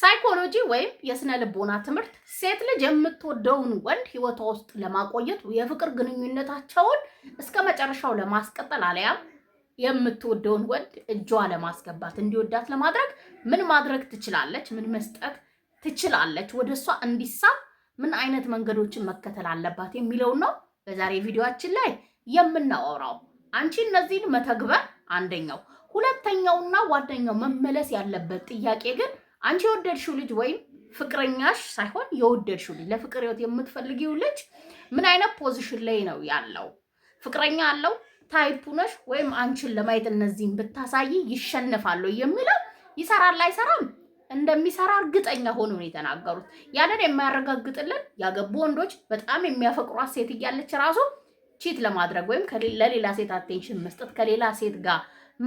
ሳይኮሎጂ ወይም የስነ ልቦና ትምህርት ሴት ልጅ የምትወደውን ወንድ ህይወቷ ውስጥ ለማቆየት የፍቅር ግንኙነታቸውን እስከ መጨረሻው ለማስቀጠል አለያም የምትወደውን ወንድ እጇ ለማስገባት እንዲወዳት ለማድረግ ምን ማድረግ ትችላለች? ምን መስጠት ትችላለች? ወደ እሷ እንዲሳብ ምን አይነት መንገዶችን መከተል አለባት የሚለውን ነው በዛሬ ቪዲዮችን ላይ የምናወራው። አንቺ እነዚህን መተግበር አንደኛው። ሁለተኛውና ዋነኛው መመለስ ያለበት ጥያቄ ግን አንቺ የወደድሽው ልጅ ወይም ፍቅረኛሽ ሳይሆን የወደድሽው ልጅ ለፍቅር ህይወት የምትፈልጊው ልጅ ምን አይነት ፖዚሽን ላይ ነው ያለው? ፍቅረኛ አለው ታይፑ ነሽ ወይም አንቺን ለማየት እነዚህን ብታሳይ ይሸንፋሉ የሚለው ይሰራል አይሰራም እንደሚሰራ እርግጠኛ ሆኖ ነው የተናገሩት። ያንን የማያረጋግጥልን ያገቡ ወንዶች በጣም የሚያፈቅሯት ሴት እያለች ራሱ ቺት ለማድረግ ወይም ለሌላ ሴት አቴንሽን መስጠት ከሌላ ሴት ጋር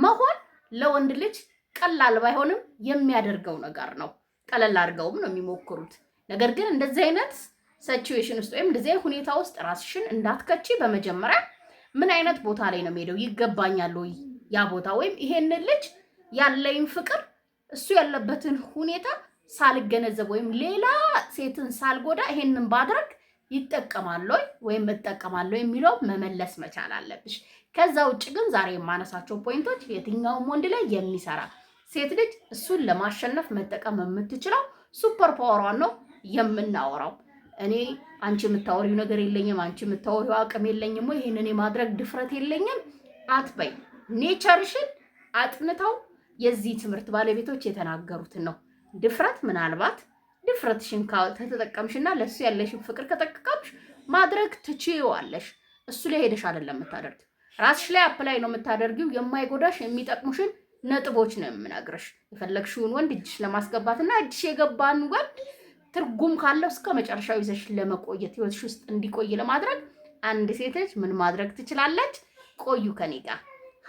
መሆን ለወንድ ልጅ ቀላል ባይሆንም የሚያደርገው ነገር ነው። ቀለል አድርገውም ነው የሚሞክሩት። ነገር ግን እንደዚህ አይነት ሲቹዌሽን ውስጥ ወይም እንደዚህ ሁኔታ ውስጥ ራስሽን እንዳትከቺ በመጀመሪያ ምን አይነት ቦታ ላይ ነው የሚሄደው፣ ይገባኛል ወይ ያ ቦታ ወይም ይሄንን ልጅ ያለኝ ፍቅር እሱ ያለበትን ሁኔታ ሳልገነዘብ ወይም ሌላ ሴትን ሳልጎዳ ይሄንን ባድረግ ይጠቀማለሁ ወይም እጠቀማለሁ የሚለው መመለስ መቻል አለብሽ። ከዛ ውጭ ግን ዛሬ የማነሳቸው ፖይንቶች የትኛውም ወንድ ላይ የሚሰራ ሴት ልጅ እሱን ለማሸነፍ መጠቀም የምትችለው ሱፐር ፓወሯን ነው የምናወራው። እኔ አንቺ የምታወሪው ነገር የለኝም፣ አንቺ የምታወሪው አቅም የለኝም ወይ ይህንን የማድረግ ድፍረት የለኝም አትበይ። ኔቸርሽን አጥንተው የዚህ ትምህርት ባለቤቶች የተናገሩትን ነው። ድፍረት ምናልባት ድፍረትሽን ከተጠቀምሽና ለእሱ ያለሽን ፍቅር ከተጠቀምሽ ማድረግ ትችዋለሽ። እሱ ላይ ሄደሽ አይደለም የምታደርጊው፣ ራስሽ ላይ አፕላይ ነው የምታደርጊው። የማይጎዳሽ የሚጠቅሙሽን ነጥቦች ነው የምነግርሽ። የፈለግሽውን ወንድ እጅሽ ለማስገባትና እጅሽ የገባን ወንድ ትርጉም ካለው እስከ መጨረሻው ይዘሽ ለመቆየት ህይወትሽ ውስጥ እንዲቆይ ለማድረግ አንድ ሴት ልጅ ምን ማድረግ ትችላለች? ቆዩ ከኔ ጋር።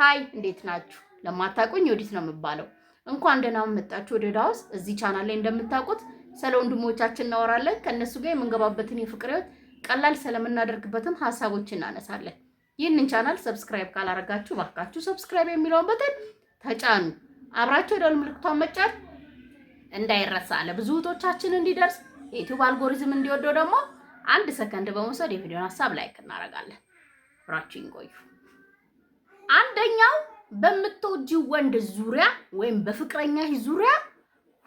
ሀይ እንዴት ናችሁ? ለማታቆኝ ወዲት ነው የምባለው። እንኳን ደህና መጣችሁ ወደ ዳውስ። እዚህ ቻናል ላይ እንደምታውቁት ስለ ወንድሞቻችን እናወራለን። ከእነሱ ጋር የምንገባበትን የፍቅር ህይወት ቀላል ስለምናደርግበትም ሀሳቦች እናነሳለን። ይህንን ቻናል ሰብስክራይብ ካላረጋችሁ ባካችሁ ሰብስክራይብ የሚለውን በተን ተጫኑ። አብራቸው የደወል ምልክቷን መጫን እንዳይረሳ አለ ብዙ እህቶቻችን እንዲደርስ የዩቲዩብ አልጎሪዝም እንዲወደው ደግሞ አንድ ሰከንድ በመውሰድ የቪዲዮን ሀሳብ ላይክ እናደርጋለን። አብራችሁን ቆዩ። አንደኛው በምትወጂው ወንድ ዙሪያ ወይም በፍቅረኛ ዙሪያ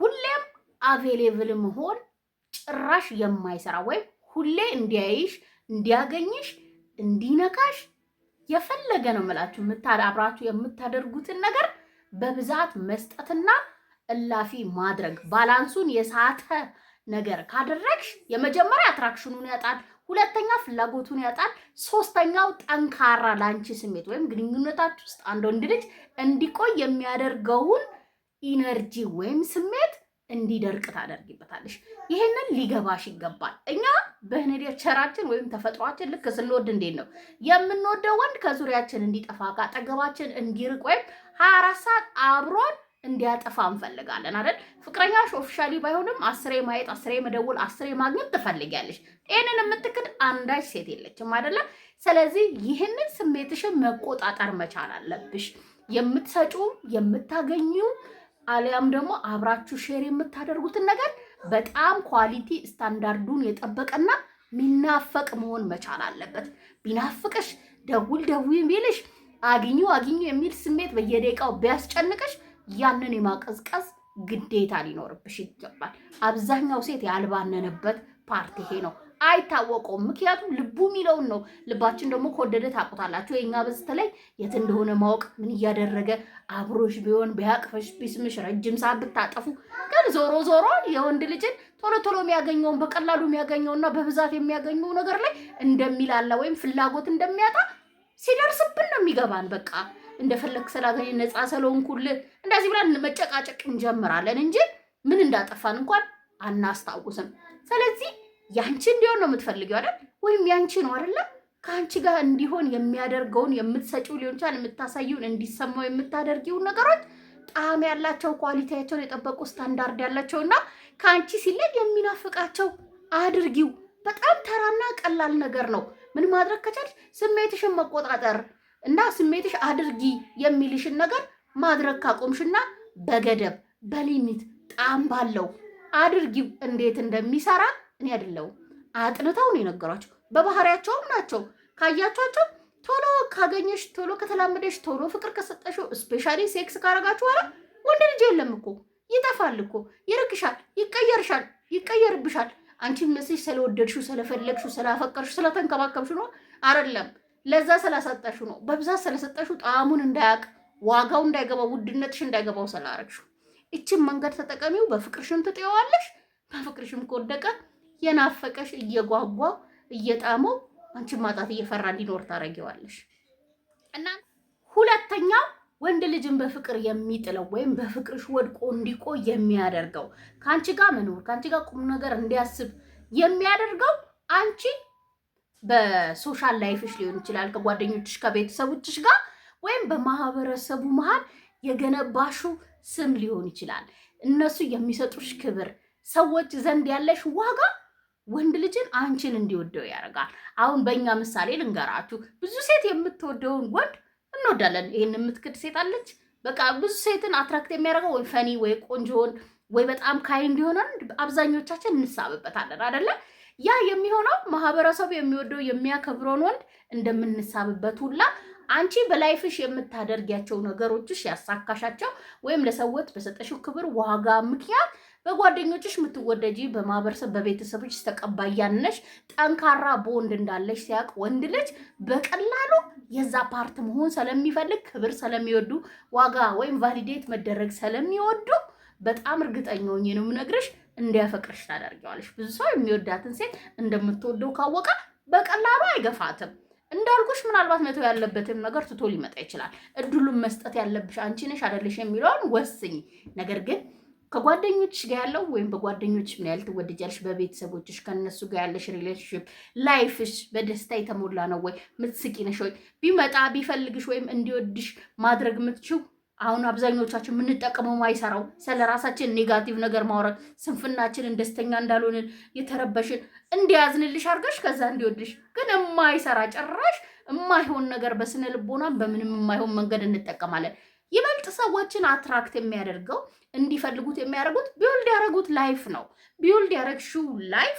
ሁሌም አቬሌብል መሆን ጭራሽ የማይሰራ ወይም ሁሌ እንዲያይሽ፣ እንዲያገኝሽ፣ እንዲነካሽ የፈለገ ነው የምላችሁ አብራችሁ የምታደርጉትን ነገር በብዛት መስጠትና እላፊ ማድረግ ባላንሱን የሳተ ነገር ካደረግሽ የመጀመሪያ አትራክሽኑን ያጣል፣ ሁለተኛ ፍላጎቱን ያጣል፣ ሶስተኛው ጠንካራ ለአንቺ ስሜት ወይም ግንኙነታች ውስጥ አንድ ወንድ ልጅ እንዲቆይ የሚያደርገውን ኢነርጂ ወይም ስሜት እንዲደርቅ ታደርጊበታለሽ። ይሄንን ሊገባሽ ይገባል። እኛ በኔቸራችን ወይም ተፈጥሯችን ልክ ስንወድ እንዴት ነው የምንወደው ወንድ ከዙሪያችን እንዲጠፋ ከአጠገባችን እንዲርቅ ወይም ሀያ አራት ሰዓት አብሮን እንዲያጠፋ እንፈልጋለን አይደል? ፍቅረኛሽ ኦፊሻሊ ባይሆንም አስሬ ማየት፣ አስሬ መደውል፣ አስሬ ማግኘት ትፈልጊያለሽ። ይህንን የምትክድ አንዳች ሴት የለችም አይደለም? ስለዚህ ይህንን ስሜትሽን መቆጣጠር መቻል አለብሽ። የምትሰጩ የምታገኙ አሊያም ደግሞ አብራችሁ ሼር የምታደርጉትን ነገር በጣም ኳሊቲ ስታንዳርዱን የጠበቀና ሚናፈቅ መሆን መቻል አለበት። ቢናፍቅሽ ደውል ደውይ የሚልሽ አግኙ አግኙ የሚል ስሜት በየደቂቃው ቢያስጨንቅሽ ያንን የማቀዝቀዝ ግዴታ ሊኖርብሽ ይገባል። አብዛኛው ሴት ያልባነነበት ፓርቲ ይሄ ነው። አይታወቀውም። ምክንያቱም ልቡ የሚለውን ነው። ልባችን ደግሞ ከወደደ ታውቁታላችሁ። የኛ በስተ ላይ የት እንደሆነ ማወቅ ምን እያደረገ አብሮሽ ቢሆን ቢያቅፈሽ ቢስምሽ ረጅም ሰዓት ብታጠፉ ግን ዞሮ ዞሮ የወንድ ልጅን ቶሎ ቶሎ የሚያገኘውን በቀላሉ የሚያገኘውና በብዛት የሚያገኘው ነገር ላይ እንደሚላላ ወይም ፍላጎት እንደሚያጣ ሲደርስብን ነው የሚገባን። በቃ እንደፈለግ ስላገኘ ነፃ ኩል እንደዚህ ብላ መጨቃጨቅ እንጀምራለን እንጂ ምን እንዳጠፋን እንኳን አናስታውስም። ስለዚህ ያንቺ እንዲሆን ነው የምትፈልጊው አይደል? ወይም ያንቺ ነው አይደለ? ከአንቺ ጋር እንዲሆን የሚያደርገውን የምትሰጪው ሊሆን ይችላል፣ የምታሳዩን እንዲሰማው የምታደርጊውን ነገሮች ጣዕም ያላቸው ኳሊቲያቸውን የጠበቁ ስታንዳርድ ያላቸው እና ከአንቺ ሲለይ የሚናፍቃቸው አድርጊው። በጣም ተራና ቀላል ነገር ነው። ምን ማድረግ ከቻልሽ ስሜትሽን መቆጣጠር እና ስሜትሽ አድርጊ የሚልሽን ነገር ማድረግ ካቆምሽና በገደብ በሊሚት ጣዕም ባለው አድርጊው እንዴት እንደሚሰራ እኔ አይደለሁም። አጥንተው ነው የነገሯቸው። በባህሪያቸውም ናቸው። ካያቸዋቸው ቶሎ ካገኘሽ፣ ቶሎ ከተላመደሽ፣ ቶሎ ፍቅር ከሰጠሽው፣ ስፔሻሊ ሴክስ ካረጋችሁ በኋላ ወንድ ልጅ የለም እኮ ይጠፋል እኮ ይርክሻል፣ ይቀየርሻል፣ ይቀየርብሻል። አንቺ መስሽ ስለወደድሽው፣ ስለፈለግሽው፣ ስላፈቀርሽው፣ ስለተንከባከብሽ ነው አይደለም። ለዛ ስላሳጣሽው ነው። በብዛት ስለሰጠሽ ጣዕሙን እንዳያውቅ ዋጋው እንዳይገባው ውድነትሽ እንዳይገባው ስላረግሽው። እችን መንገድ ተጠቀሚው። በፍቅርሽም ትጥየዋለሽ፣ በፍቅርሽም ከወደቀ የናፈቀሽ እየጓጓ እየጣመው አንቺን ማጣት እየፈራ እንዲኖር ታደርጊዋለሽ። እና ሁለተኛ ወንድ ልጅን በፍቅር የሚጥለው ወይም በፍቅርሽ ወድቆ እንዲቆይ የሚያደርገው ከአንቺ ጋር መኖር ከአንቺ ጋር ቁም ነገር እንዲያስብ የሚያደርገው አንቺ በሶሻል ላይፍሽ ሊሆን ይችላል ከጓደኞችሽ ከቤተሰቦችሽ ጋር ወይም በማህበረሰቡ መሀል የገነባሹ ስም ሊሆን ይችላል። እነሱ የሚሰጡሽ ክብር፣ ሰዎች ዘንድ ያለሽ ዋጋ ወንድ ልጅን አንቺን እንዲወደው ያደርጋል። አሁን በእኛ ምሳሌ ልንገራችሁ። ብዙ ሴት የምትወደውን ወንድ እንወዳለን። ይህን የምትክድ ሴት አለች። በቃ ብዙ ሴትን አትራክት የሚያደርገው ወይ ፈኒ ወይ ቆንጆን ወይ በጣም ካይ እንዲሆነ አብዛኞቻችን እንሳብበታለን አደለ? ያ የሚሆነው ማህበረሰቡ የሚወደው የሚያከብረውን ወንድ እንደምንሳብበት ሁላ አንቺ በላይፍሽ የምታደርጊያቸው ነገሮችሽ ያሳካሻቸው ወይም ለሰዎች በሰጠሽው ክብር ዋጋ ምክንያት በጓደኞችሽ የምትወደጂ በማህበረሰብ በቤተሰቦች ተቀባያነሽ ጠንካራ ቦንድ እንዳለሽ ሲያውቅ ወንድ ልጅ በቀላሉ የዛ ፓርት መሆን ስለሚፈልግ ክብር ስለሚወዱ ዋጋ ወይም ቫሊዴት መደረግ ስለሚወዱ በጣም እርግጠኛ ሆኜ ነው የምነግርሽ፣ እንዲያፈቅርሽ ታደርጊዋለሽ። ብዙ ሰው የሚወዳትን ሴት እንደምትወደው ካወቀ በቀላሉ አይገፋትም። እንዳልኩሽ ምናልባት መተው ያለበትም ነገር ትቶ ሊመጣ ይችላል። እድሉን መስጠት ያለብሽ አንቺ ነሽ አደለሽ የሚለውን ወስኝ። ነገር ግን ከጓደኞች ጋር ያለው ወይም በጓደኞች ምን ያህል ትወደጃለሽ፣ በቤተሰቦችሽ ከነሱ ጋር ያለሽ ሪሌሽንሽፕ ላይፍሽ በደስታ የተሞላ ነው ወይ? ምትስቂ ነሽ ወይ? ቢመጣ ቢፈልግሽ ወይም እንዲወድሽ ማድረግ ምትችው አሁን አብዛኞቻችን የምንጠቀመው ማይሰራው ስለ ራሳችን ኔጋቲቭ ነገር ማውረድ ስንፍናችንን፣ ደስተኛ እንዳልሆንን፣ የተረበሽን እንዲያዝንልሽ አድርገሽ ከዛ እንዲወድሽ ግን የማይሰራ ጭራሽ የማይሆን ነገር በስነ ልቦናም በምንም የማይሆን መንገድ እንጠቀማለን። ይበልጥ ሰዎችን አትራክት የሚያደርገው እንዲፈልጉት የሚያደርጉት ቢውልድ ያደረጉት ላይፍ ነው። ቢውልድ ያደረግሽው ላይፍ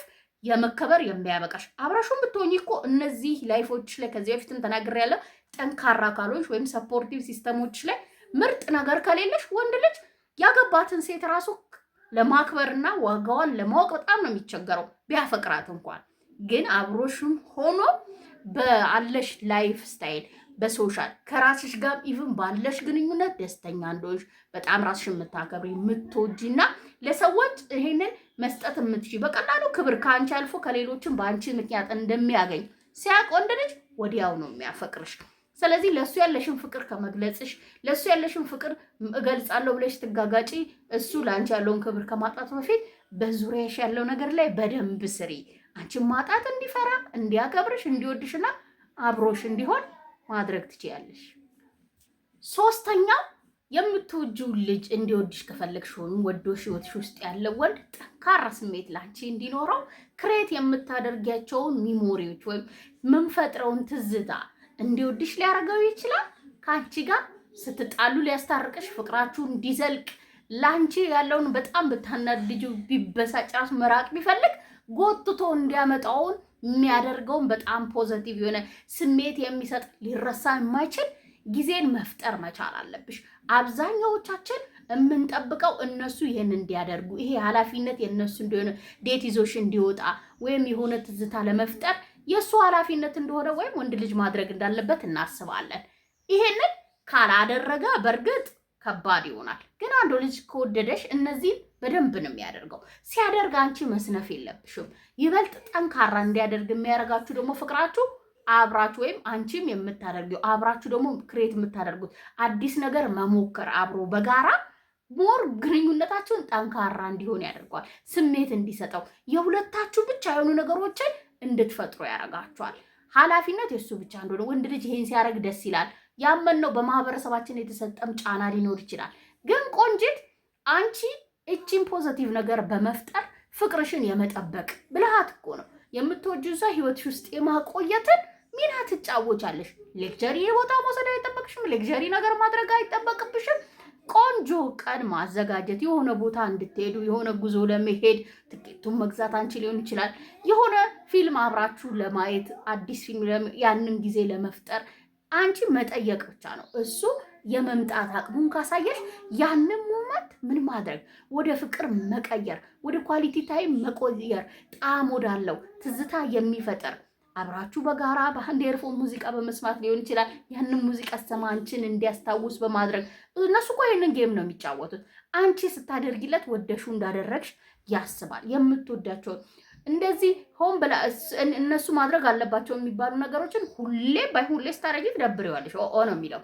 የመከበር የሚያበቃሽ አብራሹን ብትሆኝ እኮ እነዚህ ላይፎች ላይ ከዚህ በፊትም ያለ ጠንካራ ካሎች ወይም ሰፖርቲቭ ሲስተሞች ላይ ምርጥ ነገር ከሌለሽ ወንድ ልጅ ያገባትን ሴት ራሱ ለማክበርና ዋጋዋን ለማወቅ በጣም ነው የሚቸገረው። ቢያፈቅራት እንኳን ግን አብሮሽም ሆኖ በአለሽ ላይፍ ስታይል በሶሻል ከራስሽ ጋር ኢቭን ባለሽ ግንኙነት ደስተኛ እንደሆንሽ በጣም ራስሽ የምታከብሪ የምትወጂ እና ለሰዎች ይሄንን መስጠት የምትሽ በቀላሉ ክብር ከአንቺ አልፎ ከሌሎችን በአንቺ ምክንያት እንደሚያገኝ ሲያቅ ወንድ ልጅ ወዲያው ነው የሚያፈቅርሽ። ስለዚህ ለእሱ ያለሽን ፍቅር ከመግለጽሽ ለእሱ ያለሽን ፍቅር እገልጻለሁ ብለሽ ትጋጋጪ፣ እሱ ለአንቺ ያለውን ክብር ከማጣት በፊት በዙሪያሽ ያለው ነገር ላይ በደንብ ስሪ። አንቺን ማጣት እንዲፈራ እንዲያከብርሽ፣ እንዲወድሽና አብሮሽ እንዲሆን ማድረግ ትችያለሽ። ሶስተኛ የምትወጂው ልጅ እንዲወድሽ ከፈለግሽ ወይም ወዶሽ ህይወትሽ ውስጥ ያለው ወንድ ጠንካራ ስሜት ላንቺ እንዲኖረው ክሬት የምታደርጊያቸውን ሚሞሪዎች ወይም ምንፈጥረውን ትዝታ እንዲወድሽ ሊያደርገው ይችላል። ከአንቺ ጋር ስትጣሉ ሊያስታርቅሽ፣ ፍቅራችሁ እንዲዘልቅ ላንቺ ያለውን በጣም ብታናድጂው ቢበሳጭ ራሱ መራቅ ቢፈልግ ጎትቶ እንዲያመጣውን የሚያደርገውን በጣም ፖዘቲቭ የሆነ ስሜት የሚሰጥ ሊረሳ የማይችል ጊዜን መፍጠር መቻል አለብሽ። አብዛኛዎቻችን የምንጠብቀው እነሱ ይህን እንዲያደርጉ ይሄ ኃላፊነት የእነሱ እንደሆነ ዴት ይዞሽ እንዲወጣ ወይም የሆነ ትዝታ ለመፍጠር የእሱ ኃላፊነት እንደሆነ ወይም ወንድ ልጅ ማድረግ እንዳለበት እናስባለን። ይሄንን ካላደረገ በእርግጥ ከባድ ይሆናል። ግን አንዱ ልጅ ከወደደሽ እነዚህን በደንብ ነው የሚያደርገው። ሲያደርግ አንቺ መስነፍ የለብሽም። ይበልጥ ጠንካራ እንዲያደርግ የሚያደርጋችሁ ደግሞ ፍቅራችሁ አብራችሁ ወይም አንቺም የምታደርጊው አብራችሁ ደግሞ ክሬት የምታደርጉት አዲስ ነገር መሞከር አብሮ በጋራ ሞር ግንኙነታችሁን ጠንካራ እንዲሆን ያደርገዋል። ስሜት እንዲሰጠው የሁለታችሁ ብቻ የሆኑ ነገሮችን እንድትፈጥሩ ያደርጋችኋል። ኃላፊነት የእሱ ብቻ እንደሆነ ወንድ ልጅ ይሄን ሲያደርግ ደስ ይላል። ያመን ነው በማህበረሰባችን የተሰጠም ጫና ሊኖር ይችላል። ግን ቆንጂት አንቺ እቺን ፖዘቲቭ ነገር በመፍጠር ፍቅርሽን የመጠበቅ ብልሃት እኮ ነው የምትወጁ እዛ ህይወትሽ ውስጥ የማቆየትን ሚና ትጫወቻለሽ። ሌክጀሪ ቦታ መውሰድ አይጠበቅሽም። ሌክጀሪ ነገር ማድረግ አይጠበቅብሽም። ቆንጆ ቀን ማዘጋጀት፣ የሆነ ቦታ እንድትሄዱ፣ የሆነ ጉዞ ለመሄድ ትኬቱን መግዛት አንቺ ሊሆን ይችላል። የሆነ ፊልም አብራችሁ ለማየት አዲስ ፊልም ያንን ጊዜ ለመፍጠር አንቺ መጠየቅ ብቻ ነው። እሱ የመምጣት አቅሙን ካሳየሽ ያንን ሞመንት ምን ማድረግ ወደ ፍቅር መቀየር፣ ወደ ኳሊቲ ታይም መቆየር፣ ጣዕም ወዳለው ትዝታ የሚፈጥር አብራችሁ በጋራ በአንድ ኤርፎን ሙዚቃ በመስማት ሊሆን ይችላል። ያንን ሙዚቃ ሰማንችን እንዲያስታውስ በማድረግ እነሱ እኮ ይህንን ጌም ነው የሚጫወቱት። አንቺ ስታደርጊለት ወደሹ እንዳደረግሽ ያስባል የምትወዳቸውን እንደዚህ ሆን ብላ እነሱ ማድረግ አለባቸው የሚባሉ ነገሮችን ሁሌ ባይሁሌ ስታደርጊ ትደብሪዋለሽ። ኦ ነው የሚለው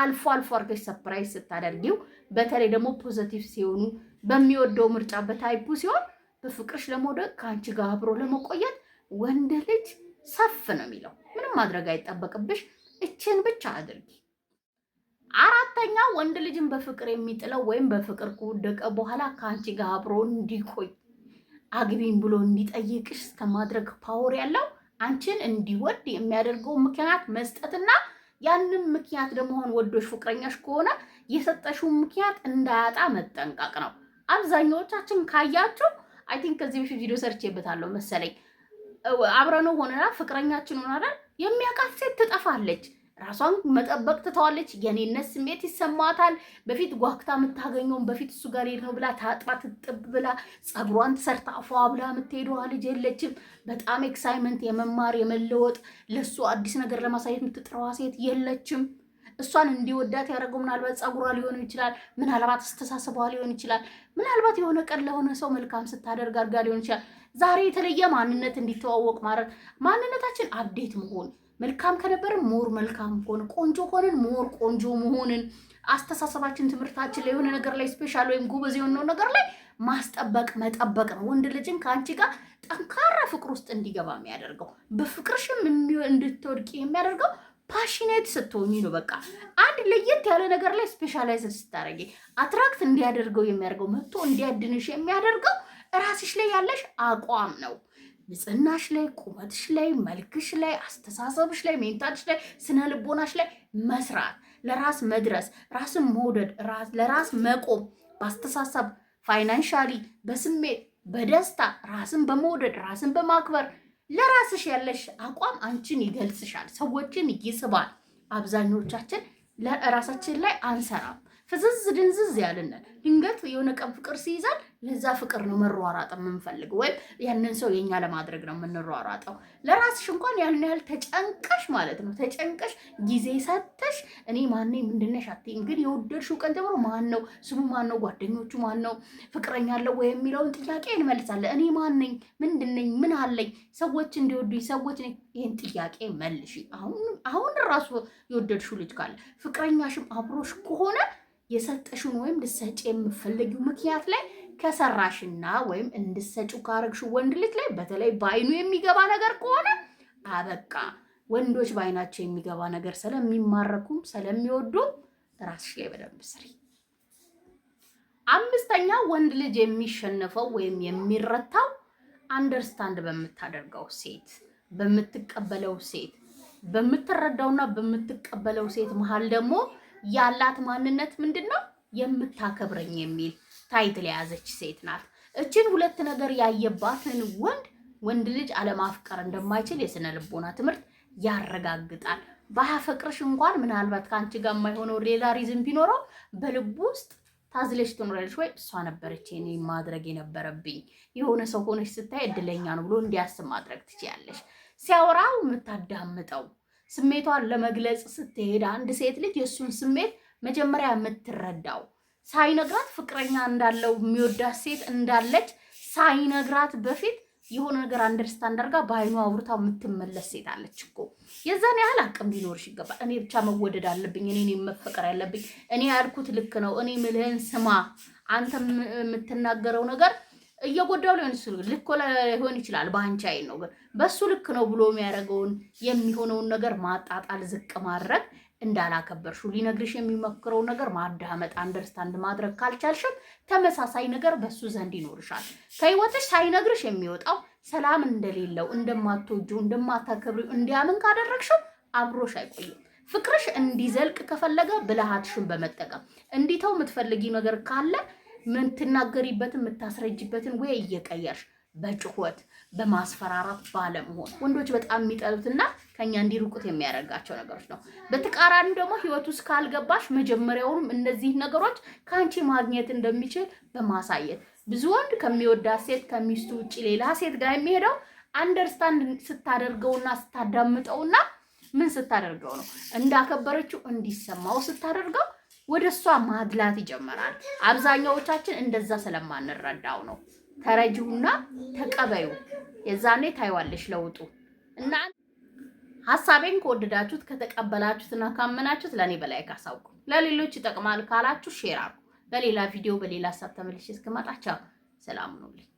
አልፎ አልፎ አድርገሽ ሰፕራይዝ ስታደርጊው፣ በተለይ ደግሞ ፖዘቲቭ ሲሆኑ በሚወደው ምርጫ በታይፑ ሲሆን በፍቅርሽ ለመውደቅ ከአንቺ ጋር አብሮ ለመቆየት ወንድ ልጅ ሰፍ ነው የሚለው ምንም ማድረግ አይጠበቅብሽ፣ እችን ብቻ አድርጊ። አራተኛ ወንድ ልጅን በፍቅር የሚጥለው ወይም በፍቅር ከወደቀ በኋላ ከአንቺ ጋር አብሮ እንዲቆይ አግቢን ብሎ እንዲጠይቅሽ እስከማድረግ ፓወር ያለው አንቺን እንዲወድ የሚያደርገው ምክንያት መስጠትና ያንን ምክንያት ለመሆን ወዶሽ ፍቅረኛሽ ከሆነ የሰጠሽውን ምክንያት እንዳያጣ መጠንቀቅ ነው። አብዛኛዎቻችን ካያችሁ አይ ቲንክ ከዚህ በፊት ቪዲዮ ሰርቼበታለሁ መሰለኝ አብረነው ሆነና ፍቅረኛችን ሆናለን የሚያውቃት ሴት ትጠፋለች። ራሷን መጠበቅ ትተዋለች። የኔነት ስሜት ይሰማታል። በፊት ጓግታ የምታገኘውን በፊት እሱ ጋር ሄድ ነው ብላ ታጥባ ትጥብ ብላ ጸጉሯን ተሰርታ አፏ ብላ የምትሄደዋ ልጅ የለችም። በጣም ኤክሳይመንት የመማር የመለወጥ ለእሱ አዲስ ነገር ለማሳየት የምትጥረዋ ሴት የለችም። እሷን እንዲወዳት ያደረገው ምናልባት ጸጉሯ ሊሆን ይችላል። ምናልባት አስተሳሰቧ ሊሆን ይችላል። ምናልባት የሆነ ቀን ለሆነ ሰው መልካም ስታደርግ አድርጋ ሊሆን ይችላል። ዛሬ የተለየ ማንነት እንዲተዋወቅ ማድረግ ማንነታችን አብዴት መሆን መልካም ከነበርን ሞር መልካም ሆን ቆንጆ ሆንን ሞር ቆንጆ መሆንን አስተሳሰባችን ትምህርታችን ላይ የሆነ ነገር ላይ ስፔሻል ወይም ጉበዝ የሆነው ነገር ላይ ማስጠበቅ መጠበቅ ነው። ወንድ ልጅን ከአንቺ ጋር ጠንካራ ፍቅር ውስጥ እንዲገባ የሚያደርገው በፍቅርሽም እንድትወድቂ የሚያደርገው ፓሽኔት ስትሆኚ ነው። በቃ አንድ ለየት ያለ ነገር ላይ ስፔሻላይዝ ስታደርጊ አትራክት እንዲያደርገው የሚያደርገው መጥቶ እንዲያድንሽ የሚያደርገው ራስሽ ላይ ያለሽ አቋም ነው። ንጽህናሽ ላይ፣ ቁመትሽ ላይ፣ መልክሽ ላይ፣ አስተሳሰብሽ ላይ፣ ሜንታልሽ ላይ፣ ስነ ልቦናሽ ላይ መስራት፣ ለራስ መድረስ፣ ራስን መውደድ፣ ለራስ መቆም በአስተሳሰብ ፋይናንሻሊ፣ በስሜት በደስታ ራስን በመውደድ ራስን በማክበር ለራስሽ ያለሽ አቋም አንቺን ይገልጽሻል፣ ሰዎችን ይስባል። አብዛኞቻችን ለራሳችን ላይ አንሰራም። ፍዝዝ ድንዝዝ ያልናል። ድንገት የሆነ ቀን ፍቅር ሲይዛል። ለዛ ፍቅር ነው መሯሯጥ የምንፈልግ፣ ወይም ያንን ሰው የኛ ለማድረግ ነው የምንሯሯጠው። ለራስሽ እንኳን ያን ያህል ተጨንቀሽ ማለት ነው ተጨንቀሽ ጊዜ ሰተሽ እኔ ማን ምንድነሽ አት እንግዲህ የወደድሽው ቀን ጀምሮ ማን ነው ስሙ ማን ነው ጓደኞቹ ማን ነው ፍቅረኛ አለው ወይ የሚለውን ጥያቄ እንመልሳለን። እኔ ማን ነኝ ምንድነኝ ምን አለኝ ሰዎች እንዲወዱኝ ሰዎች ይህን ጥያቄ መልሽ። አሁን ራሱ የወደድሽው ልጅ ካለ ፍቅረኛሽም አብሮሽ ከሆነ የሰጠሽን ወይም ልሰጭ የምፈልጊው ምክንያት ላይ ከሰራሽና ወይም እንድሰጩ ካረግሽው ወንድ ልጅ ላይ በተለይ በአይኑ የሚገባ ነገር ከሆነ አበቃ። ወንዶች በአይናቸው የሚገባ ነገር ስለሚማረኩም ስለሚወዱም ራስሽ ላይ በደንብ ስሪ። አምስተኛ ወንድ ልጅ የሚሸነፈው ወይም የሚረታው አንደርስታንድ በምታደርገው ሴት፣ በምትቀበለው ሴት፣ በምትረዳውና በምትቀበለው ሴት መሀል ደግሞ ያላት ማንነት ምንድን ነው? የምታከብረኝ የሚል ታይትል የያዘች ሴት ናት። እችን ሁለት ነገር ያየባትን ወንድ ወንድ ልጅ አለማፍቀር እንደማይችል የስነ ልቦና ትምህርት ያረጋግጣል። ባያፈቅርሽ እንኳን ምናልባት ከአንቺ ጋር የማይሆነው ሌላ ሪዝን ቢኖረው በልቡ ውስጥ ታዝለሽ ትኖረልሽ ወይ እሷ ነበረች እኔ ማድረግ የነበረብኝ የሆነ ሰው ሆነች ስታይ እድለኛ ነው ብሎ እንዲያስብ ማድረግ ትችያለሽ። ሲያወራው የምታዳምጠው ስሜቷን ለመግለጽ ስትሄድ አንድ ሴት ልጅ የእሱን ስሜት መጀመሪያ የምትረዳው ሳይነግራት ፍቅረኛ እንዳለው የሚወዳት ሴት እንዳለች ሳይነግራት በፊት የሆነ ነገር አንደርስታንድ አድርጋ በአይኑ አውርታው የምትመለስ ሴት አለች እኮ። የዛን ያህል አቅም ሊኖርሽ ይገባል። እኔ ብቻ መወደድ አለብኝ፣ እኔ መፈቀር ያለብኝ፣ እኔ ያልኩት ልክ ነው፣ እኔ ምልህን ስማ፣ አንተ የምትናገረው ነገር እየጎዳው ሊሆን ይችላል፣ ልኮ ሊሆን ይችላል። በአንቺ አይን ነው፣ ግን በሱ ልክ ነው ብሎ የሚያደርገውን የሚሆነውን ነገር ማጣጣል፣ ዝቅ ማድረግ እንዳላከበርሽው ሊነግርሽ የሚመክረውን ነገር ማዳመጥ አንደርስታንድ ማድረግ ካልቻልሽም ተመሳሳይ ነገር በሱ ዘንድ ይኖርሻል። ከህይወትሽ ሳይነግርሽ የሚወጣው ሰላም እንደሌለው እንደማትወጂው፣ እንደማታከብሪው እንዲያምን ካደረግሽው አብሮሽ አይቆይም። ፍቅርሽ እንዲዘልቅ ከፈለገ ብልሃትሽን በመጠቀም እንዲተው የምትፈልጊ ነገር ካለ የምትናገሪበትን የምታስረጅበትን ወይ እየቀየርሽ በጭሆት በማስፈራራት ባለመሆን ወንዶች በጣም የሚጠሉትና ከኛ እንዲሩቁት የሚያደርጋቸው ነገሮች ነው። በተቃራኒ ደግሞ ህይወት ውስጥ ካልገባሽ መጀመሪያውንም እነዚህ ነገሮች ከአንቺ ማግኘት እንደሚችል በማሳየት ብዙ ወንድ ከሚወዳት ሴት ከሚስቱ ውጭ ሌላ ሴት ጋር የሚሄደው አንደርስታንድ ስታደርገውና ስታዳምጠውና ምን ስታደርገው ነው እንዳከበረችው እንዲሰማው ስታደርገው ወደ እሷ ማድላት ይጀምራል። አብዛኛዎቻችን እንደዛ ስለማንረዳው ነው። ተረጂውና ተቀበዩ፣ የዛኔ ታይዋለሽ ለውጡ እና ሀሳቤን ከወደዳችሁት ከተቀበላችሁትና ካመናችሁት ለእኔ በላይ ካሳውቁ ለሌሎች ይጠቅማል ካላችሁ ሼር አድርጉ። በሌላ ቪዲዮ በሌላ ሀሳብ ተመልሼ እስክመጣ ቻው፣ ሰላም ሁኑልኝ።